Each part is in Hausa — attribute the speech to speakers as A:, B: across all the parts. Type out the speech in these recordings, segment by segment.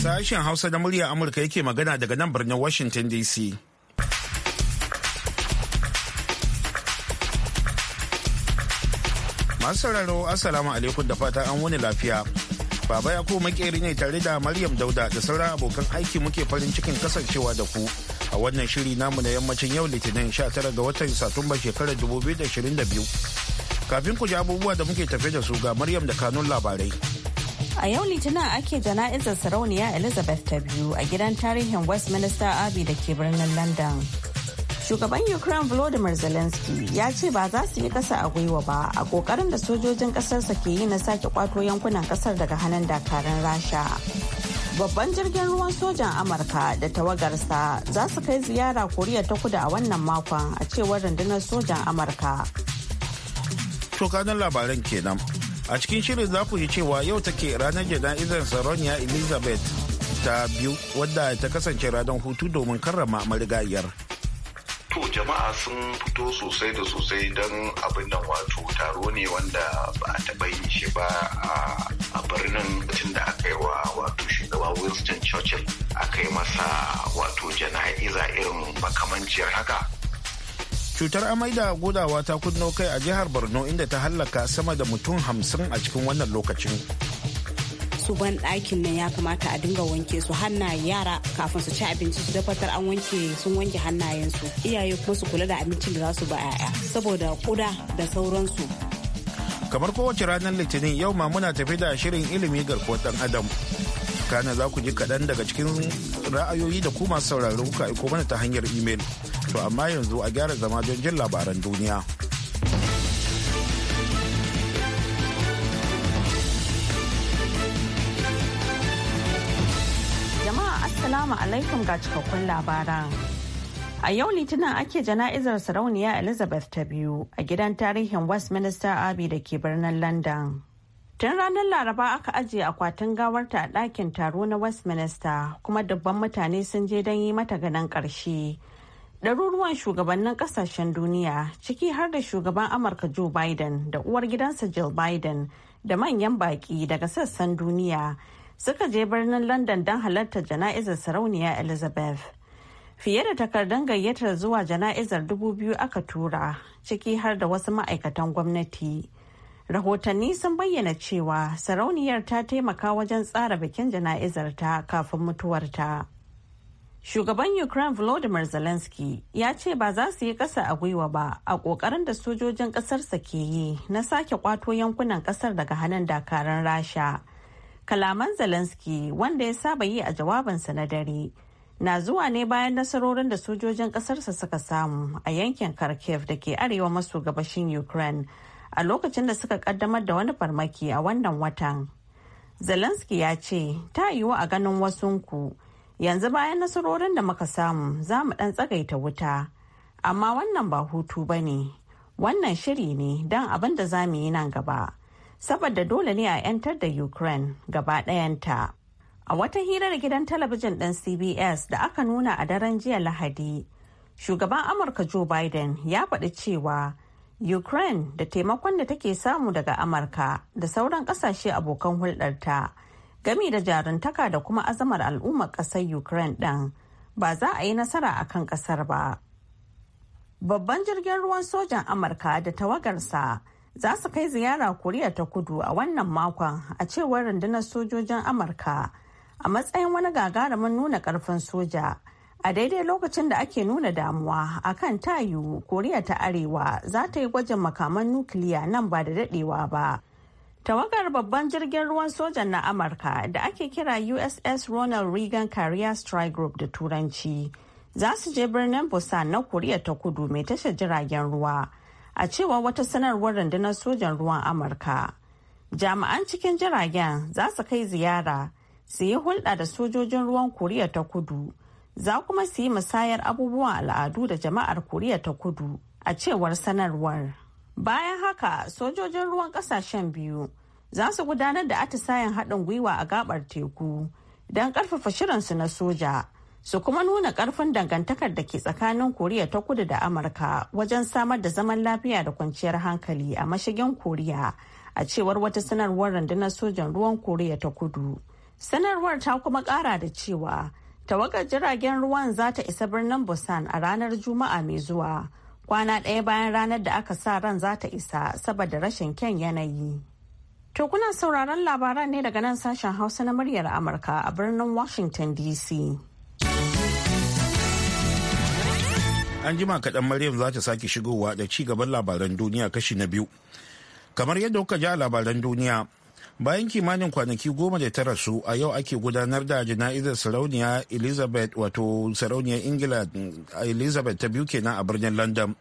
A: Sashen Hausa na murya Amurka yake magana daga nan birnin Washington DC. Masu sauraro Assalamu alaikum da fata an wani lafiya. Baba ya ko makeri ne tare da Maryam Dauda da sauran abokan aiki muke farin cikin kasancewa da ku. a wannan shiri namu na yammacin yau litinin 19 ga watan satumba shekarar 2022 kafin ku ji abubuwa da muke tafe da su ga maryam da kanun labarai
B: a yau litinin ake jana'izar sarauniya elizabeth ta biyu a gidan tarihin westminster abbey da ke birnin london shugaban ukraine volodymyr zelensky ya ce ba za su yi kasa a gwiwa ba a kokarin da sojojin kasarsa ke yi na sake kwato yankunan kasar daga hannun dakarun rasha babban jirgin ruwan sojan amurka da tawagarsa za su kai ziyara koriya ta kudu a wannan makon a cewar rundunar sojan amurka
A: tokanin labaran kenan a cikin shirin za ku ji cewa yau take ranar jana'izar sarauniya elizabeth ta biyu wadda ta kasance ranar hutu domin karrama marigayiyar To jama'a sun fito sosai da sosai don abin nan wato
C: taro ne wanda ba a taɓa yin shi ba a birnin tun da aka yi wa wato shugaba Winston Churchill aka yi masa wato jana'iza irin makamanciyar
A: haka. cutar amai da gudawa ta kunno kai a jihar borno inda ta hallaka sama da mutum hamsin a cikin wannan lokacin
B: su ban ɗakin nan ya kamata a dinga wanke su hannaye yara kafin su ci abinci su dafatar an wanke sun wanke hannayensu iyaye kuma su kula da abincin da za su ba 'ya'ya saboda kuda da sauransu
A: kamar kowace ranar litinin yau ma muna tafi da shirin ilimi garkuwar dan adam kana za ku ji kaɗan daga cikin ra'ayoyi da kuma sauraro kuka aiko mana ta hanyar imel to amma yanzu a gyara zama don jin labaran duniya.
B: Assalamu alaikum ga cikakkun labaran. A yau Litinin ake jana'izar sarauniya Elizabeth ta biyu a gidan tarihin Westminster Abbey da ke birnin London. Tun ranar Laraba aka ajiye akwatin gawarta a ɗakin taro na Westminster kuma dubban mutane sun je don yi mata ganin ƙarshe. Ɗaruruwan shugabannin ƙasashen duniya ciki har da shugaban Amurka Joe Biden da uwar gidansa Jill Biden da manyan baƙi daga sassan duniya suka je birnin london don halartar jana'izar sarauniya elizabeth fiye da takardun gayyatar zuwa jana'izar dubu biyu aka tura ciki har da wasu ma'aikatan gwamnati rahotanni sun bayyana cewa sarauniyar ta taimaka wajen tsara bikin jana'izar ta kafin mutuwarta shugaban ukraine volodymyr zelensky ya ce ba za su yi kasa a gwiwa ba a kokarin da sojojin kasarsa ke yi na sake kwato yankunan kasar daga hannun dakarun rasha kalaman zelensky wanda ya saba yi a jawabinsa na dare na zuwa ne bayan nasarorin da sojojin kasarsa suka samu a yankin kharkiv da ke arewa maso gabashin ukraine a lokacin da suka kaddamar da wani farmaki a wannan watan zelensky ya ce ta yiwu a ganin wasunku yanzu bayan nasarorin da muka samu za mu ɗan tsagaita wuta amma wannan ba hutu ba ne wannan shiri ne don abin da za mu yi nan gaba saboda dole ne a 'yantar da Ukraine gaba ɗayanta. A wata hira da gidan talabijin ɗin CBS da aka nuna a daren jiya Lahadi, shugaban Amurka Joe Biden ya faɗi cewa Ukraine da taimakon da take samu daga Amurka da sauran ƙasashe abokan hulɗarta gami da jaruntaka da kuma azamar al'ummar ƙasar Ukraine ɗin ba za a yi nasara a kan ƙasar ba. Babban jirgin ruwan sojan Amurka da tawagarsa za su kai ziyara koriya ta kudu a wannan makon a cewar rundunar sojojin amurka a matsayin wani gagarumin nuna karfin soja a daidai lokacin da ake nuna damuwa a akan tayu koriya ta arewa za ta yi gwajin makaman nukiliya nan ba da dadewa ba tawagar babban jirgin ruwan sojan na amurka da ake kira uss ronald reagan career strike group da turanci za su je birnin busan na koriya ta kudu mai tashar jiragen ruwa a cewa wata sanarwar rundunar sojan ruwan amurka jami'an cikin jiragen za su kai ziyara su yi hulɗa da sojojin ruwan koriya ta kudu za kuma su yi musayar abubuwan al'adu da jama'ar koriya ta kudu a cewar sanarwar bayan haka sojojin ruwan kasashen biyu za su gudanar da atisayen haɗin gwiwa a gabar teku don ƙarfafa shirinsu na soja su kuma nuna karfin dangantakar da ke tsakanin koriya ta kudu da amurka wajen samar da zaman lafiya da kwanciyar hankali a mashigin koriya a cewar wata sanarwar rundunar sojan ruwan koriya ta kudu sanarwar ta kuma kara da cewa tawagar jiragen ruwan za ta isa birnin busan a ranar juma'a mai zuwa kwana ɗaya bayan ranar da aka sa ran za ta isa saboda rashin kyan yanayi to kuna sauraron labaran ne daga nan sashen hausa na muryar amurka a birnin washington dc
A: An jima kaɗan Maryam za ta sake shigowa da ci gaban labaran duniya kashi na biyu. Kamar yadda kuka ji a labaran duniya, bayan kimanin kwanaki goma da ta su a yau ake gudanar da jana'izar sarauniya elizabeth wato sarauniyar ingila elizabeth ta biyu kenan a birnin london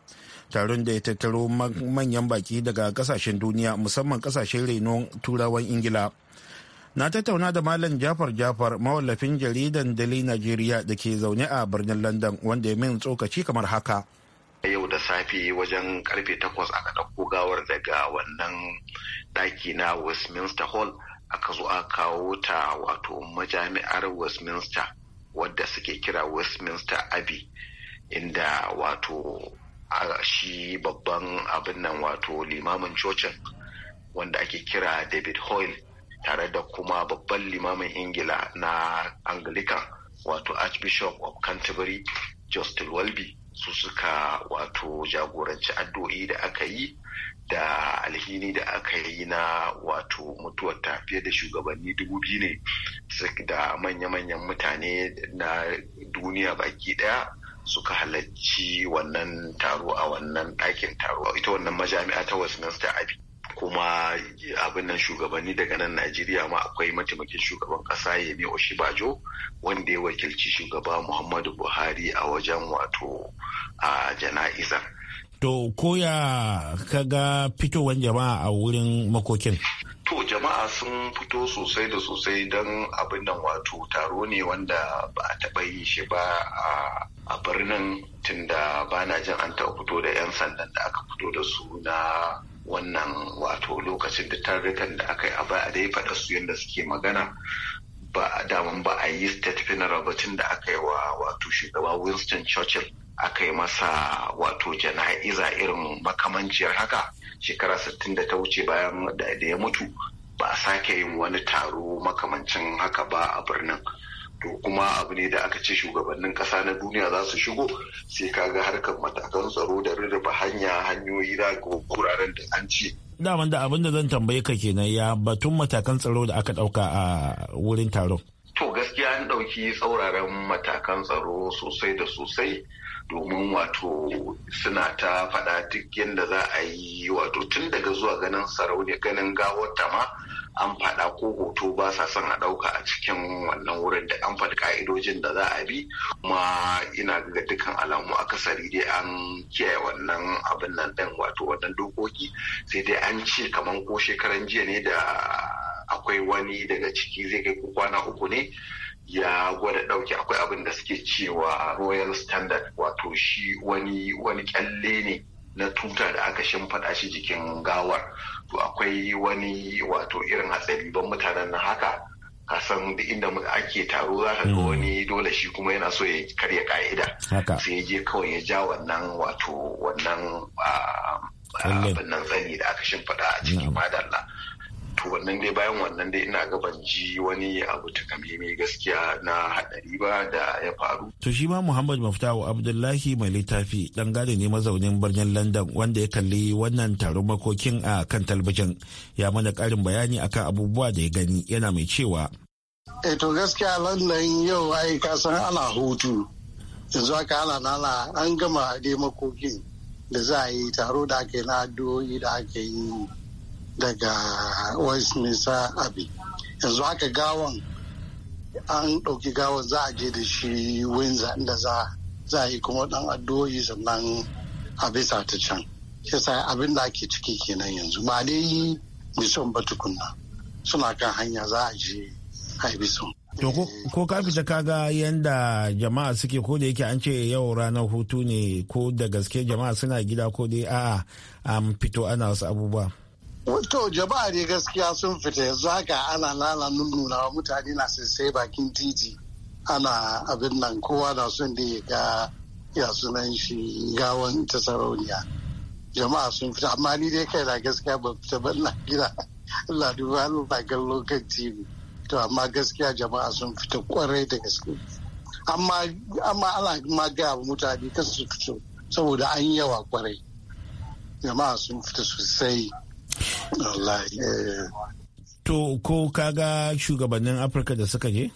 A: taron da ya tattaro manyan baki daga kasashen duniya musamman kasashen renon turawan ingila na tattauna da malam jafar jafar mawallafin jaridan dali najeriya da ke zaune a birnin london wanda ya min tsokaci kamar haka
C: yau da safe wajen karfe takwas aka ɗauko gawar daga wannan ɗaki na westminster hall aka zo aka kawo ta wato majami'ar westminster wadda suke kira westminster abbey inda wato shi babban abin nan wato limamin cocin wanda ake kira david hoyle tare da kuma babban limamin ingila na anglican wato archbishop of canterbury justin welby su suka wato jagoranci addu'o'i da aka yi da alhini da aka yi na wato mutuwar tafiye da shugabanni dubu biyu ne da manya-manyan mutane na duniya baki daya suka halarci wannan taro a wannan ɗakin taro ita wannan majami'a ta westminster abbey kuma abin nan shugabanni daga nan najeriya ma akwai mataimakin shugaban kasa yemi oshibajo wanda ya wakilci shugaba muhammadu buhari a wajen wato a jana'izar
A: to koya kaga fitowar jama'a a wurin makokin
C: to jama'a sun fito sosai da sosai don abin nan wato taro ne wanda ba a taɓa yi shi ba a a birnin tunda na jin an taɓa fito da 'yan sandan da aka fito da su na wannan wato lokacin da tarrikan da aka yi a baya dai faɗa su yadda suke magana ba daman ba a yi state funeral batun da aka yi wa wato shugaba winston churchill aka yi masa wato jana'iza irin makamanciyar haka shekara 60 da ta wuce bayan da ya mutu ba a sake yin wani taro makamancin haka ba a birnin to kuma abu ne da aka ce shugabannin ƙasa na duniya za su shigo sai kaga harkar matakan tsaro da rurrufe hanya hanyoyi da ga da an ce
A: daman da abin da zan tambaye ka kenan ya batun matakan tsaro da aka ɗauka a wurin taron
C: to gaskiya an ɗauki tsauraran matakan tsaro sosai da sosai domin wato suna ta faɗa duk yadda za a yi wato tun daga zuwa ganin sarauniya ganin gawar ta ma an faɗa ko hoto ba sa son a ɗauka a cikin wannan wurin da an faɗi ka'idojin da za a bi kuma ina ga dukkan alamu akasari dai an kiyaye wannan abin nan ɗin wato wannan dokoki sai dai an ce kamar ko shekaran jiya ne da akwai wani daga ciki zai kai kwana uku ne ya gwada ɗauki akwai abin da suke cewa royal standard wato shi wani wani kyalle ne na tuta da aka shimfaɗa shi jikin gawar to akwai wani wato irin hatsari ban mutanen na haka kasan da inda ake taro za ka ga hmm. wani dole shi kuma yana so ya karya ka'ida sai ya je kawai ya ja wannan wato wannan ah, abin nan zani da aka shimfaɗa a cikin hmm. madalla to wannan dai bayan wannan dai ina ga ban ji wani abu mai gaskiya na haɗari ba da ya faru
A: to shi ma muhammad muftahu abdullahi mai littafi dan gane ne mazaunin birnin london wanda ya kalli wannan taron makokin a kan talbijin ya mana karin bayani akan abubuwa da ya gani yana mai cewa
D: e to gaskiya london yau ai ka san ana hutu yanzu aka ana nana an gama dai makokin da za a yi taro da ake na addu'o'i da ake yi daga westminster abbey yanzu haka gawan an ɗauki gawan za a je da shi windsor inda za a yi kuma ɗan addu'o'i sannan a bisa ta can yasa abin da ake ciki kenan yanzu ba dai yi bison ba tukunna suna kan hanya za a je a yi bison
A: To ko ka fita kaga yanda jama'a suke ko da yake an ce yau ranar hutu ne ko da gaske jama'a suna gida ko dai a'a an fito ana wasu abubuwa.
D: To jama'a ne gaskiya sun fita yanzu haka ana lala nuna mutane na sai bakin titi ana abin nan kowa na son da ya ga ya sunan shi gawan ta sarauniya. Jama'a sun fita amma ni dai kai na gaskiya ban fita ban na gina Allah duba Allah kan TV. To amma gaskiya jama'a sun fita kwarai da gaske. Amma ana ma gaya wa mutane kan su fito saboda an yawa kwarai. Jama'a sun fita sosai. Eh.
A: To ko kaga shugabannin Afirka da suka je?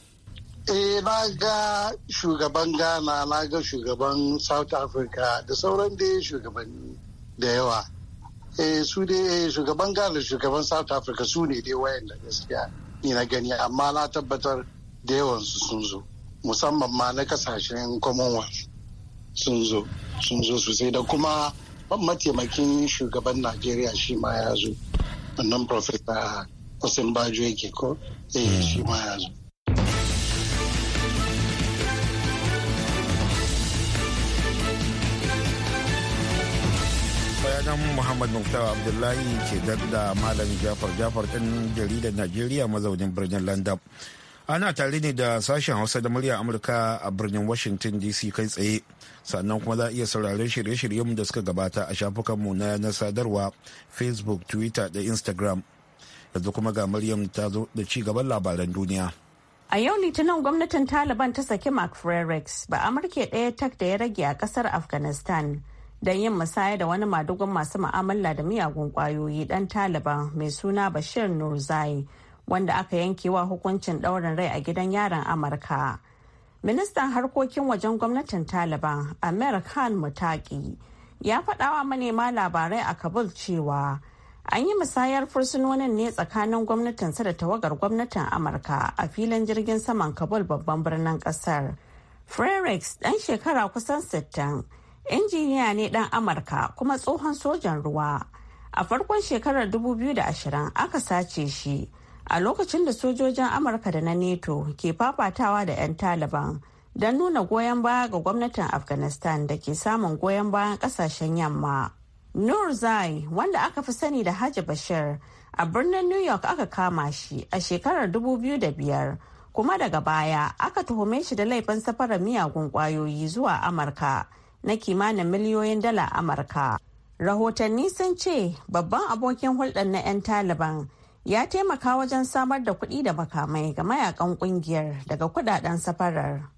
D: Eh na ga shugaban Ghana, na ga shugaban South Africa da sauran dai shugabanni da yawa. Eh su dai eh, shugaban Ghana shugaban South Africa su ne dai wayan da gaskiya ni na gani amma na tabbatar da yawansu sun zo musamman ma na kasashen Commonwealth sun zo sun zo sosai da kuma mataimakin shugaban Najeriya shi ma ya zo. wannan profesa kusin bajo yake ko eh, hmm. shi ma ya
A: bayanan muhammad muktawa abdullahi ke dadda malam jafar jafar ɗin jaridar najeriya mazaunin birnin london ana tare ne da sashen hausa da murya amurka a birnin washington dc kai tsaye sannan kuma za a iya sauraron shirye-shiryen da suka gabata a shafukanmu na yanar sadarwa facebook twitter da instagram yanzu kuma ga maryam ta zo da ci gaban labaran duniya
B: a yau litinin gwamnatin taliban ta saki mark frericks ba amurke ɗaya tak da ya rage a ƙasar afghanistan don yin musaya da wani madugun masu ma'amala da miyagun kwayoyi ɗan taliban mai suna bashir nurzai wanda aka yankewa hukuncin ɗaurin rai a gidan yaron amurka ministan harkokin wajen gwamnatin taliban amir khan mutaki ya faɗawa manema labarai a kabul cewa an yi musayar fursunonin ne tsakanin sa da tawagar gwamnatin amurka a filin jirgin saman kabul babban birnin ƙasar Frerix ɗan shekara kusan 60 injiniya ne ɗan Amurka kuma tsohon sojan ruwa. A farkon shekarar 2020 aka sace shi a lokacin da sojojin amurka da na neto ke fafatawa da 'yan taliban don nuna goyon baya ga gwamnatin afghanistan da ke samun goyon bayan kasashen yamma nur zai wanda aka fi sani da hajji bashir a birnin new york aka kama shi a shekarar 2005 kuma daga baya aka tuhume shi da laifin safarar miyagun kwayoyi zuwa amurka na kimanin miliyoyin dala amurka rahotanni sun ce babban abokin hulɗar na 'yan taliban ya taimaka wajen samar da kuɗi da makamai ga mayakan ƙungiyar daga kudaden safarar.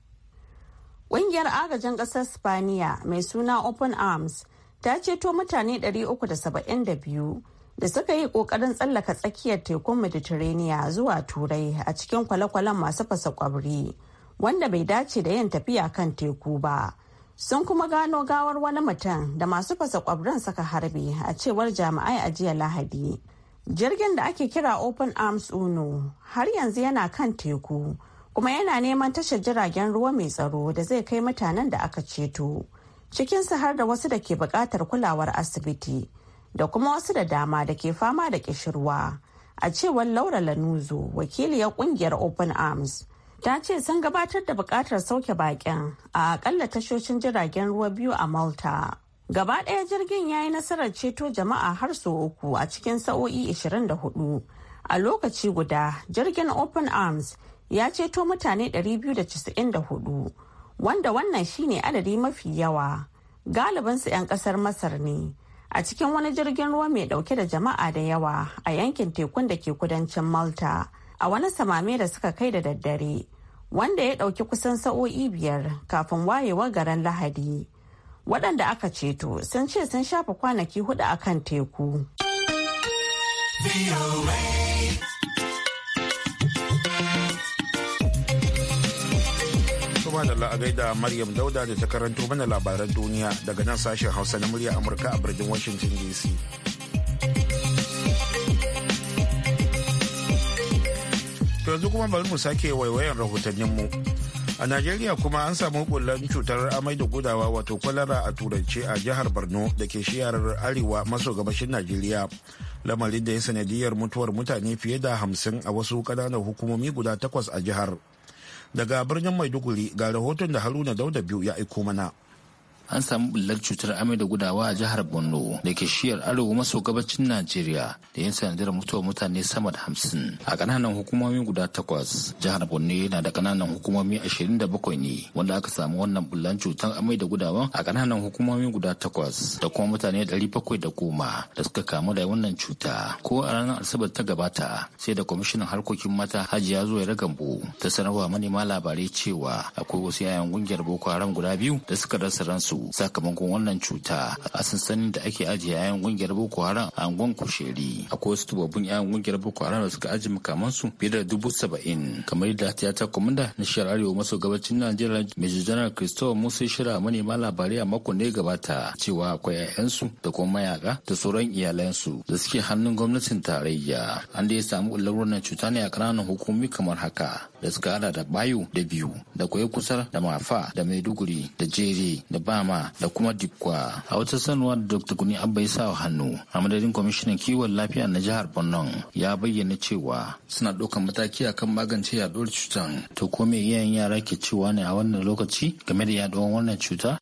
B: Ƙungiyar agajin ƙasar Spaniya mai suna Open Arms ta ceto mutane 372 da suka yi ƙoƙarin tsallaka tsakiyar tekun Mediterranean zuwa Turai a cikin kwale-kwalen masu fasa kwabri wanda bai dace da yin tafiya kan teku ba. Sun kuma gano gawar wani mutum da masu fasa kwabrin saka harbe a cewar jami'ai a jiya Lahadi. jirgin da ake kira open arms uno har yanzu yana kan teku kuma yana neman tashar jiragen ruwa mai tsaro da zai kai mutanen da aka ceto cikinsu har da wasu da ke buƙatar kulawar asibiti da kuma wasu da dama da ke fama da ƙishirwa a cewar laura lanuzo ya ƙungiyar open arms ta ce sun gabatar da buƙatar sauke baƙin a akalla tashoshin jiragen ruwa biyu a malta Gaba ɗaya jirgin ya yi nasarar ceto jama'a har sau uku a cikin sa'o'i 24. A lokaci guda, jirgin Open Arms ya ceto mutane 294, wanda wannan shine adadi mafi yawa. Galibinsu 'yan ƙasar Masar ne. A cikin wani jirgin ruwa mai ɗauke da jama'a da yawa a yankin tekun da ke kudancin Malta, a wani samame da suka kai da daddare, wanda ya ɗauki kusan sa'o'i biyar kafin wayewar garin Lahadi. waɗanda aka ceto sun ce sun shafa kwanaki hudu a kan teku.
A: Kuma da la'agaida Maryam Dauda da ta karanto mana labaran duniya daga nan sashen Hausa na murya Amurka a birnin Washington DC. yanzu kuma bari mu sake waiwayan rahotanninmu. A Najeriya kuma an samu bullan cutar amai da gudawa wato kwalara a turanci a jihar Borno da ke shiyar arewa maso gabashin Najeriya. Lamarin da ya sanadiyar mutuwar mutane fiye da hamsin a wasu ƙananan hukumomi guda takwas a jihar. Daga birnin Maiduguri ga rahoton da Haruna Dauda biyu ya aiko mana. an samu bullar cutar
E: amai da gudawa a jihar borno da ke shiyar arewa maso gabacin najeriya da yin sanadar mutuwar mutane sama da hamsin a kananan hukumomi guda takwas jihar borno yana da kananan hukumomi ashirin da bakwai ne wanda aka samu wannan bullar cutar amai da gudawa a kananan hukumomi guda takwas da kuma mutane dari bakwai da goma da suka kamu da wannan cuta ko a ranar asabar ta gabata sai da kwamishinan harkokin mata hajiya zuwa ragambo ta sanarwa manema labarai cewa akwai wasu yayan kungiyar boko haram guda biyu da suka rasa ransu su sakamakon wannan cuta a sansanin da ake ajiye yayan kungiyar boko haram a angon kusheri akwai wasu tubabbun yayan kungiyar boko haram da suka ajiye makaman su fiye da dubu saba'in kamar yadda ta ta komanda na shiyar arewa maso gabacin najeriya major general christopher musa shira manema labarai a makon da gabata cewa akwai yayansu da kuma mayaka da sauran iyalansu da suke hannun gwamnatin tarayya an da ya samu ɓullar wannan cuta ne a ƙananan hukumomi kamar haka da suka hada da bayo da biyu da kwaye kusar da mafa da maiduguri da jere da bam dama da kuma Dikwa. A wata sanuwa da Dr. kuni Abba ya sa hannu a madadin kwamishinan kiwon lafiya na jihar Borno ya bayyana cewa suna ɗaukan mataki akan magance yaduwar cutar. To ko me iyayen yara ke cewa ne a wannan lokaci game da yaduwar wannan cuta?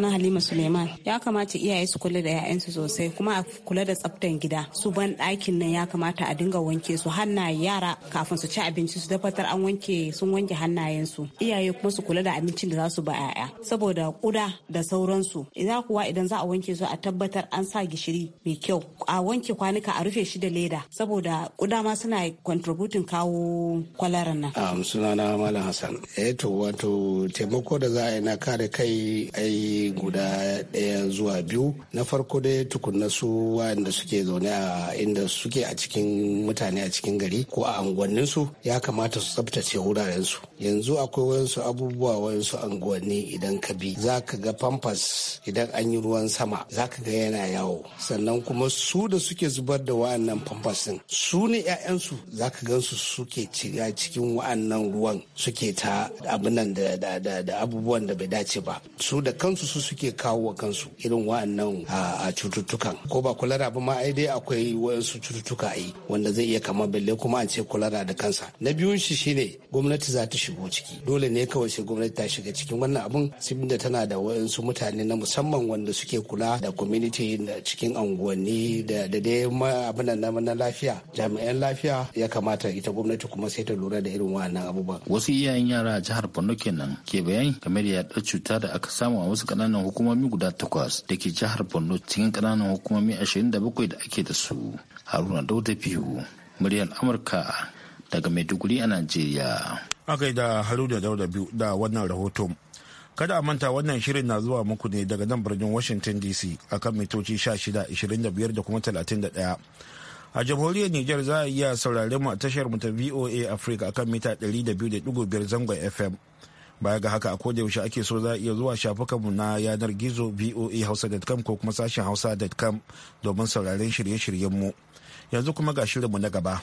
B: na Halima Suleiman. Ya kamata iyaye su kula da 'ya'yansu sosai kuma a kula da tsaftan gida. Su ban ɗakin nan ya kamata a dinga wanke su hannaye yara kafin su ci abinci su dafatar an wanke sun wanke hannayensu. Iyaye kuma su kula da abincin da za su ba 'ya'ya saboda kuda da da sauransu idan kuwa idan za a wanke su a tabbatar an sa gishiri mai kyau a wanke kwanuka a rufe shi da leda saboda kuda ma suna contributing kawo kwalaran nan
F: um, na malam hassan eh to wato taimako da za a yi na kare kai ai guda ɗaya zuwa biyu na farko dai tukunna su wa'anda suke zaune a inda suke a cikin mutane a cikin gari ko a unguwannin su ya kamata su tsaftace wuraren su yanzu akwai wayansu abubuwa wayansu unguwanni idan ka bi za ka ga famfas idan an yi ruwan sama za ka ga yana yawo sannan kuma su da suke zubar da wa'annan famfas din su ne 'ya'yansu za ka gansu suke ciga cikin wa'annan ruwan suke ta abinan da abubuwan da bai dace ba su da kansu su suke kawo wa kansu irin wa'annan a cututtukan ko ba kulara ba ma ai dai akwai wasu cututtuka ai wanda zai iya kama belle kuma an ce kulara da kansa na biyun shi shine gwamnati za ta shigo ciki dole ne kawai sai gwamnati ta shiga cikin wannan abun da tana da wayansu wasu mutane na musamman wanda suke kula da community da cikin unguwanni da dai abin na lafiya jami'an lafiya ya kamata ita gwamnati kuma sai ta lura da irin wannan abubuwa.
E: Wasu iyayen yara a jihar Borno kenan ke bayani game da yaɗar cuta da aka samu a wasu kananan hukumomi guda takwas da ke jihar Borno cikin kananan hukumomi ashirin da bakwai da ake da su. Haruna Dauda Biyu, muryar Amurka daga Maiduguri a Najeriya.
A: Aka yi da Haruna Dauda Biyu da wannan rahoton. Kada a manta wannan shirin na zuwa muku ne daga nan birnin Washington DC akan mitoci shida da kuma 31. a jamhuriyar niger za a iya saurare mu a tashar mu ta VOA Africa akan mita 200.5 zangon FM. Baya ga haka a koda yaushe ake so za a iya zuwa shafukanmu na yanar gizo hausa.com ko kuma sashen hausa.com domin sauraren shirye shiryenmu Yanzu kuma ga shirinmu na gaba.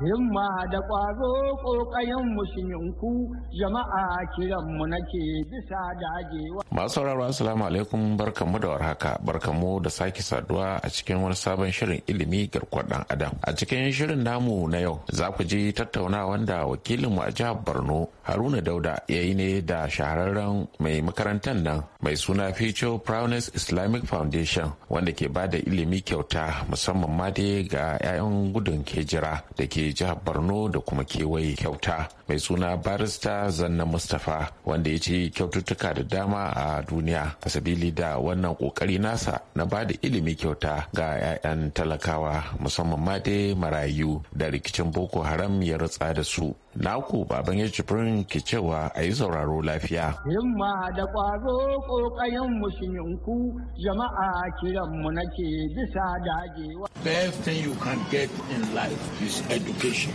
E: himma da ƙwazo ƙoƙayen musulminku jama'a kiranmu nake bisa da dagewa.
G: Masu sauraro assalamu alaikum barkamu da warhaka barkamu da sake saduwa a cikin wani sabon shirin ilimi garkuwar ɗan adam. A cikin shirin namu na yau za ku ji tattaunawan da wakilinmu a jihar Borno Haruna Dauda ya yi ne da shahararren mai makarantar nan mai suna Future Proudness Islamic Foundation wanda ke ba da ilimi kyauta musamman ma dai ga 'ya'yan gudun kejira da ke jihar borno da kuma kewaye kyauta mai suna barista zanna mustapha wanda ya ce kyaututtuka da dama a duniya a sabili da wannan kokari nasa na ba da ilimi kyauta ga 'ya'yan talakawa musamman ma dai marayu da rikicin boko haram ya rutsa da su naku baban ya jibrin ke cewa a yi sauraro lafiya
E: himma da ƙwaro ƙoƙayen musulunku jama'a mu nake bisa dajewa
G: best thing you can get in life is education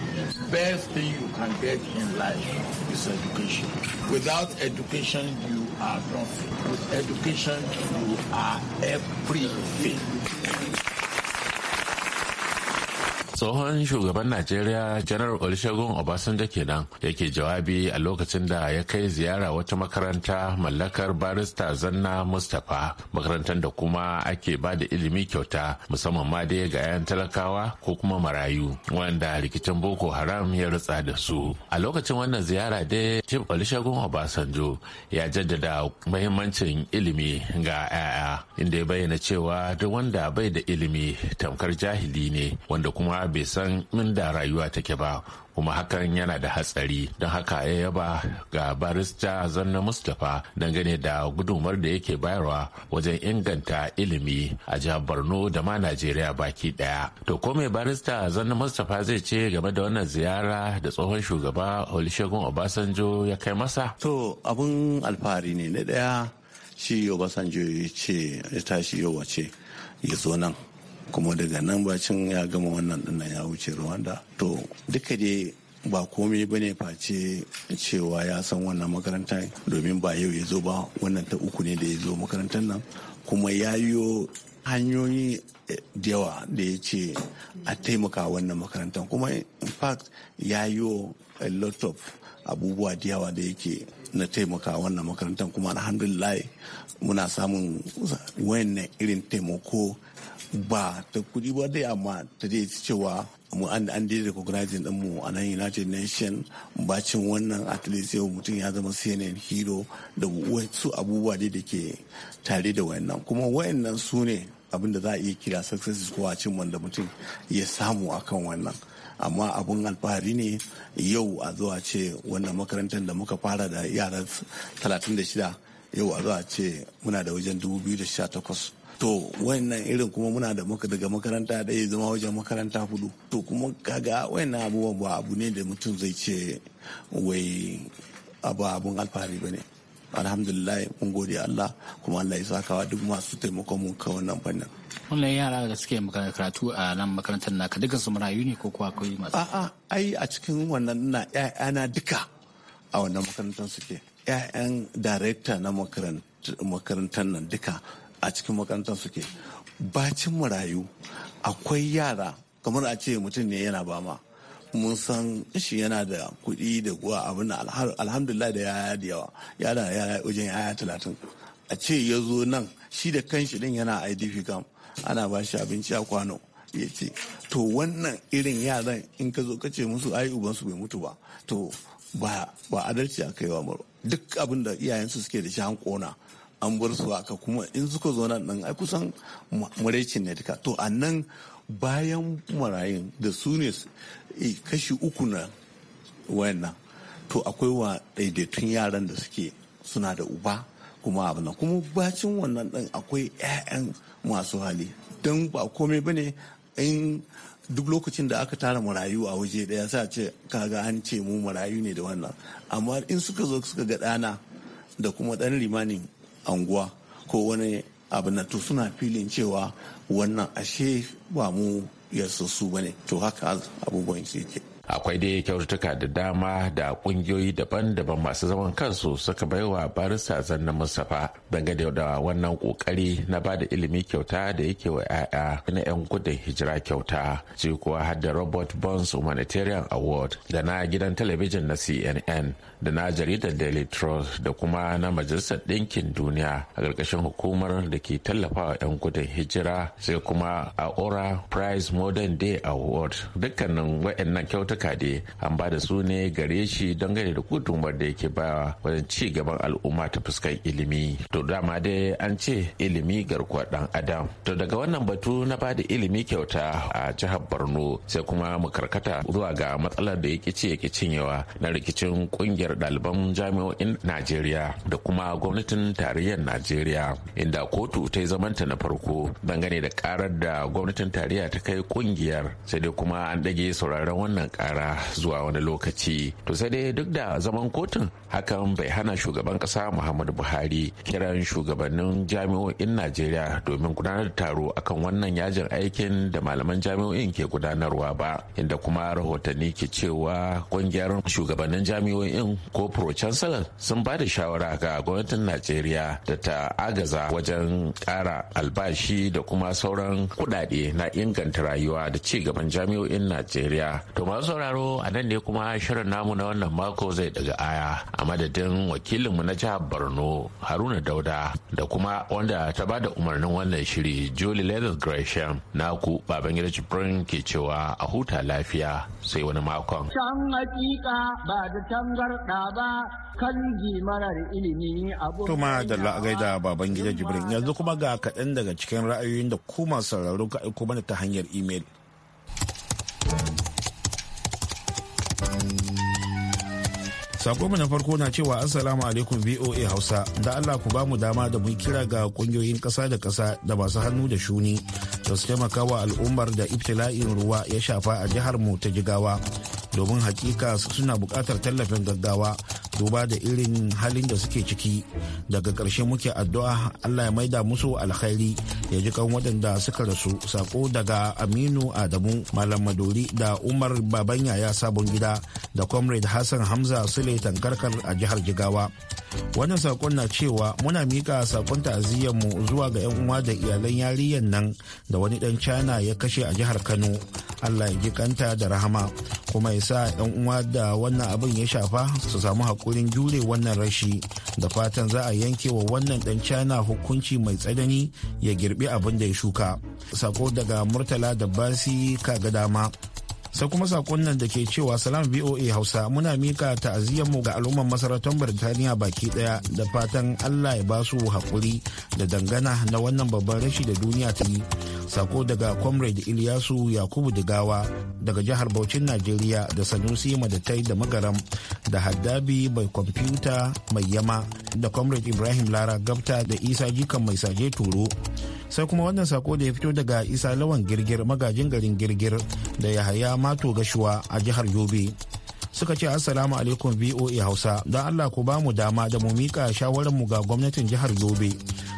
G: best thing you can get in in life is education. Without education, you are nothing. With education, you are everything. tsohon shugaban najeriya janar olusegun obasanjo kenan yake jawabi a lokacin da ya kai ziyara wata makaranta mallakar barista zanna mustapha makarantar da kuma ake ba da ilimi kyauta musamman ma dai ga 'yan talakawa ko kuma marayu wanda rikicin boko haram ya rutsa da su a lokacin wannan ziyara dai chief olusegun obasanjo ya jaddada mahimmancin ilimi ga 'ya'ya inda ya bayyana cewa duk wanda bai da ilimi tamkar jahili ne wanda kuma jama'a bai san inda rayuwa take ba kuma hakan yana da hatsari don haka ya yaba ga barista zanna mustapha dangane da gudunmar da yake bayarwa wajen inganta ilimi a jihar borno da ma najeriya baki daya to ko mai barista zanna mustapha zai ce game da wannan ziyara da tsohon shugaba olusegun obasanjo ya kai masa to abun
H: alfahari ne na daya shi obasanjo ya ce ya tashi yau wace ya zo nan kuma daga nan bacin ya gama wannan dinnan ya wuce rwanda to duka dai ba komai ba ne face cewa ya san wannan makaranta domin ba yau ya zo ba wannan ta uku ne da ya zo makarantar nan kuma ya yiwo hanyoyi eh, da yawa da ya ce a taimaka wannan makarantar kuma in fact ya yiwo a lot of abubuwa da yawa da yake na taimaka wannan makarantar kuma alhamdulillah muna samun wannan irin taimako ba ta kudi ba dai amma ta dai cewa mu an an dai recognizing din mu a nan United Nation bacin wannan at least mutum ya zama CNN hero da wasu abubuwa dai da ke tare da wayannan kuma wayannan su ne abin da za a iya kira success ko a cin wanda mutum ya samu akan wannan amma abun alfahari ne yau a zuwa ce wannan makarantar da muka fara da yara 36 yau a zuwa ce muna da wajen 2018 to wannan irin kuma muna da muka daga makaranta da ya zama wajen makaranta hudu to kuma kaga wannan abubuwan ba abu ne da mutum zai ce wai abu abun alfahari ba ne alhamdulillah mun gode Allah kuma Allah ya sakawa duk masu taimakon mu ka wannan fannin
E: wannan yara da suke karatu a nan makarantar naka dukkan su marayu ne ko kuwa akwai masu a'a
H: ai a cikin wannan na ƴaƴana duka a wannan makarantar suke ƴaƴan director na makarantar nan duka a cikin makarantar suke bacin marayu akwai yara kamar a ce mutum ne yana bama mun san shi yana da kuɗi da guwa abin alhamdulillah da yaya da yawa yana da wajen yaya talatin a ce ya zo nan shi da kanshi din yana idp kam ana ba shi abinci a kwano ya ce to wannan irin yaran in ka zo ka ce musu ai ubansu bai mutu ba to ba adalci a kai maro duk abin da iyayensu suke da shi an kona an bar su haka kuma in suka zo nan ɗan ai kusan maraicin ne duka to a nan bayan marayun da su ne eh, kashi uku na wayannan to akwai wa daidaitun yaran da suke suna da uba kuma abu kuma bacin wannan ɗan akwai 'ya'yan masu hali don ba komai ba ne in duk lokacin da aka tara marayu a waje daya sa ce kaga an ce mu marayu ne da wannan amma in suka zo suka ga ɗana da kuma ɗan limanin anguwa ko wani abu na to suna filin cewa wannan ashe ba mu yasassu ba ne to haka abubuwan ke
G: akwai dai kyaututtuka da dama da kungiyoyi daban-daban masu zaman kansu suka baiwa barista zanna mustapha dangane da wannan kokari na ba da ilimi kyauta da yake wa 'ya'ya na 'yan gudun hijira kyauta ci kuwa har da robert burns humanitarian award da na gidan talabijin na cnn da na jaridar daily trust da kuma na majalisar ɗinkin duniya a ƙarƙashin hukumar da ke tallafawa 'yan gudun hijira sai kuma aora prize modern day award dukkanin waɗannan kyauta takade an bada su ne gare shi don gane da gudunmuwar da yake ba wajen ci gaban al'umma ta fuskar ilimi to dama dai an ce ilimi garkuwar dan adam to daga wannan batu na bada ilimi kyauta a jihar borno sai kuma mu karkata zuwa ga matsalar da yake kici yake cinyewa na rikicin kungiyar ɗaliban jami'o'in najeriya da kuma gwamnatin tarayyar najeriya inda kotu ta yi zamanta na farko dangane da karar da gwamnatin tarayya ta kai kungiyar sai dai kuma an ɗage sauraron wannan kara zuwa wani lokaci to sai dai duk da zaman kotun hakan bai hana shugaban kasa muhammadu buhari kiran shugabannin jami'o'in najeriya domin gudanar da taro akan wannan yajin aikin da malaman jami'o'in ke gudanarwa ba inda kuma rahotanni ke cewa kungiyar shugabannin jami'o'in ko pro chancellor sun ba da shawara ga gwamnatin najeriya da ta agaza wajen kara albashi da kuma sauran kudade na inganta rayuwa da ci gaban jami'o'in najeriya to masu sauraro a nan ne kuma shirin namu na wannan mako zai daga aya a madadin wakilinmu na jihar borno haruna dauda da kuma wanda ta ba da umarnin wannan shiri julie leather gresham naku baban gida jibrin ke cewa a huta lafiya sai wani
A: makon
E: can hakika ba da tangarɗa ba kan marar ilimi abu kuma da
A: la'agaida baban gida jibrin yanzu kuma ga kaɗan daga cikin ra'ayoyin da kuma sauraro ka aiko mana ta hanyar imel. mu na farko na cewa assalamu alaikum voa hausa da allah ku bamu dama da mun kira ga kungiyoyin kasa da kasa da masu hannu da shuni da su taimaka wa al'ummar da ibtila'in ruwa ya shafa a jihar mu ta jigawa domin hakika suna bukatar tallafin gaggawa duba da irin halin da suke ciki daga ƙarshe muke addu'a allah ya maida musu alkhairi ya ji kan waɗanda suka rasu sako daga aminu adamu malam madori da umar babanya ya sabon gida da comrade hassan hamza sule tankarkar a jihar jigawa wannan sakon na cewa muna miƙa sakon mu zuwa ga 'yan uwa da iyalan yariyan nan da wani ɗan china ya kashe a jihar kano allah ya ji kanta da rahama kuma ya sa 'yan uwa da wannan abin ya shafa su samu haƙurin jure wannan rashi da fatan za a yanke wa wannan ɗan china hukunci mai tsanani ya girbi abin da ya shuka sako daga murtala da basi ga dama sai kuma sakon nan da ke cewa salam voa hausa muna mika mu ga al'ummar masarautar birtaniya baki daya da fatan allah ya basu su haƙuri da dangana na wannan babban rashi da duniya ta yi sako daga comrade iliyasu yakubu digawa daga jihar bauchin najeriya da sanusi madatai da magaram da haddabi mai kwamfuta mai yama da comrade ibrahim lara gabta da isa jikan mai saje turo sai kuma wannan sako da ya fito daga isa lawan girgir magajin garin girgir da ya yahaya mato gashuwa a jihar yobe suka ce assalamu alaikum voa hausa don allah ku bamu dama da mu mika mu ga gwamnatin jihar yobe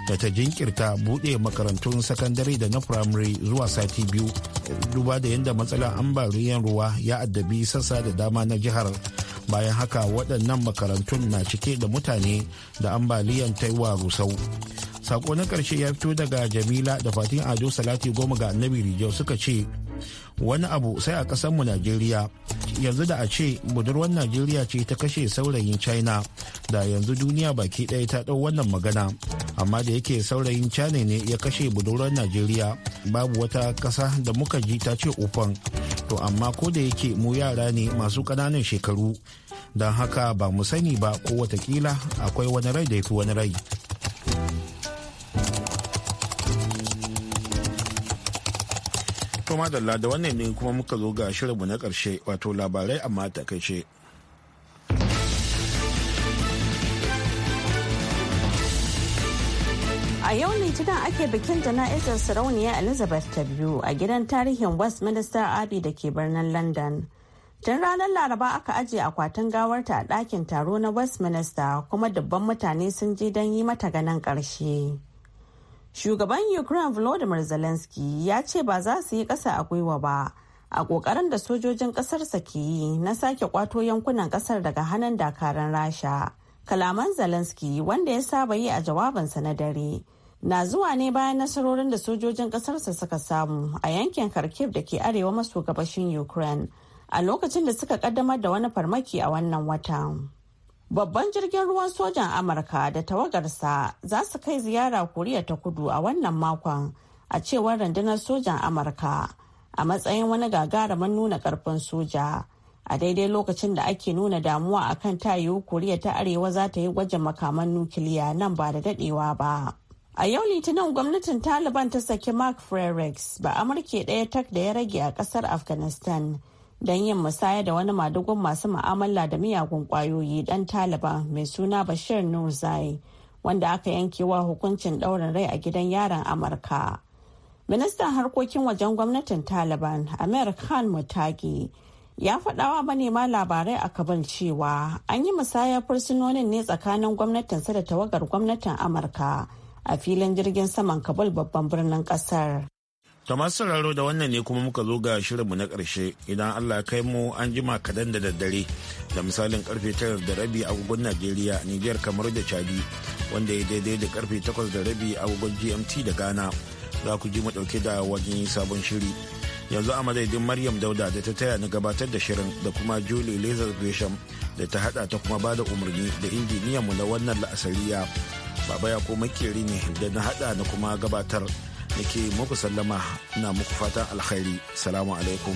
A: da ta jinkirta bude makarantun sakandare da na firamare zuwa sati biyu duba da yadda matsalar ambaliyar ruwa ya addabi sassa da dama na jihar bayan haka waɗannan makarantun na cike da mutane da ambaliyan ta yi wa rusau sako na karshe ya fito daga jamila da fatin ado salati goma ga annabi rijau suka ce wani abu sai a kasanmu najeriya yanzu da a ce budurwar najeriya ce ta kashe saurayin china da yanzu duniya baki ɗaya ta ɗau wannan magana amma da yake saurayin china ne ya kashe budurwar najeriya babu wata ƙasa da muka ji ta ce ufan to amma ko da yake mu yara ne masu ƙananan shekaru don haka ba mu sani ba ko watakila akwai wani rai da ya fi wani rai kuma da da wannan ne kuma muka zo ga shirinmu na karshe wato labarai
B: amma takaice. A yau Litinin ake bikin jana'izar sarauniya Elizabeth ta biyu a gidan tarihin Westminster Abbey da ke birnin London. Tun ranar Laraba aka ajiye akwatin gawarta a ɗakin taro na Westminster kuma dubban mutane sun je don yi mata ganin ƙarshe. Shugaban Ukraine Volodymyr Zelensky ya ce ba za su yi kasa a gwiwa ba a kokarin da sojojin ƙasarsa ke yi na sake kwato yankunan kasar daga hannun dakaran Rasha. Kalaman Zelensky wanda ya saba yi a jawabinsa na dare. na zuwa ne bayan nasarorin da sojojin ƙasarsa suka samu a yankin kharkiv da ke arewa maso gabashin ukraine a lokacin da suka kaddamar da wani farmaki a wannan watan. Babban jirgin ruwan sojan Amurka da tawagarsa za su kai ziyara Koriya ta kudu a wannan makon a cewar rundunar sojan Amurka a matsayin wani gagarumin nuna karfin soja. A daidai lokacin da ake nuna damuwa a akan tayiwu Koriya ta Arewa za ta yi gwajin makaman nukiliya nan ba da dadewa ba. A yau Litinin gwamnatin Taliban ta saki Mark Frericks ba Amurke ɗaya tak da ya rage a ƙasar Afghanistan. don yin musaya da wani madugun masu ma'amala da miyagun kwayoyi dan taliban mai suna bashir nuzai wanda aka yankewa hukuncin ɗaurin rai a gidan yaron amurka ministan harkokin wajen gwamnatin taliban amir khan mutagi ya faɗawa manema labarai a kabul cewa an yi musayar fursunonin ne tsakanin gwamnatinsa da tawagar gwamnatin amurka a filin jirgin saman kabul babban birnin ƙasar
A: ta masu sauraro da wannan ne kuma muka zo ga shirinmu na ƙarshe idan Allah kai mu an jima kadan da daddare da misalin karfe tara da rabi agogon Najeriya, Nijar kamar da Chadi wanda ya daidai da karfe takwas da rabi agogon GMT da Ghana za ku ji mu ɗauke da wajen sabon shiri. Yanzu a madaidin Maryam Dauda da ta taya na gabatar da shirin da kuma Julie Lazar Gresham da ta hada ta kuma bada umarni da injiniyanmu na wannan la'asariya. Baba ya ko makeri ne da na hada na kuma gabatar. nake muku sallama na muku fatan alkhairi salamu alaikum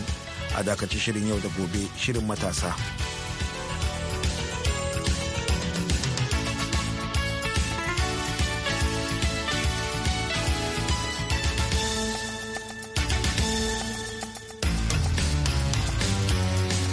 A: a dakaci shirin yau da gobe shirin matasa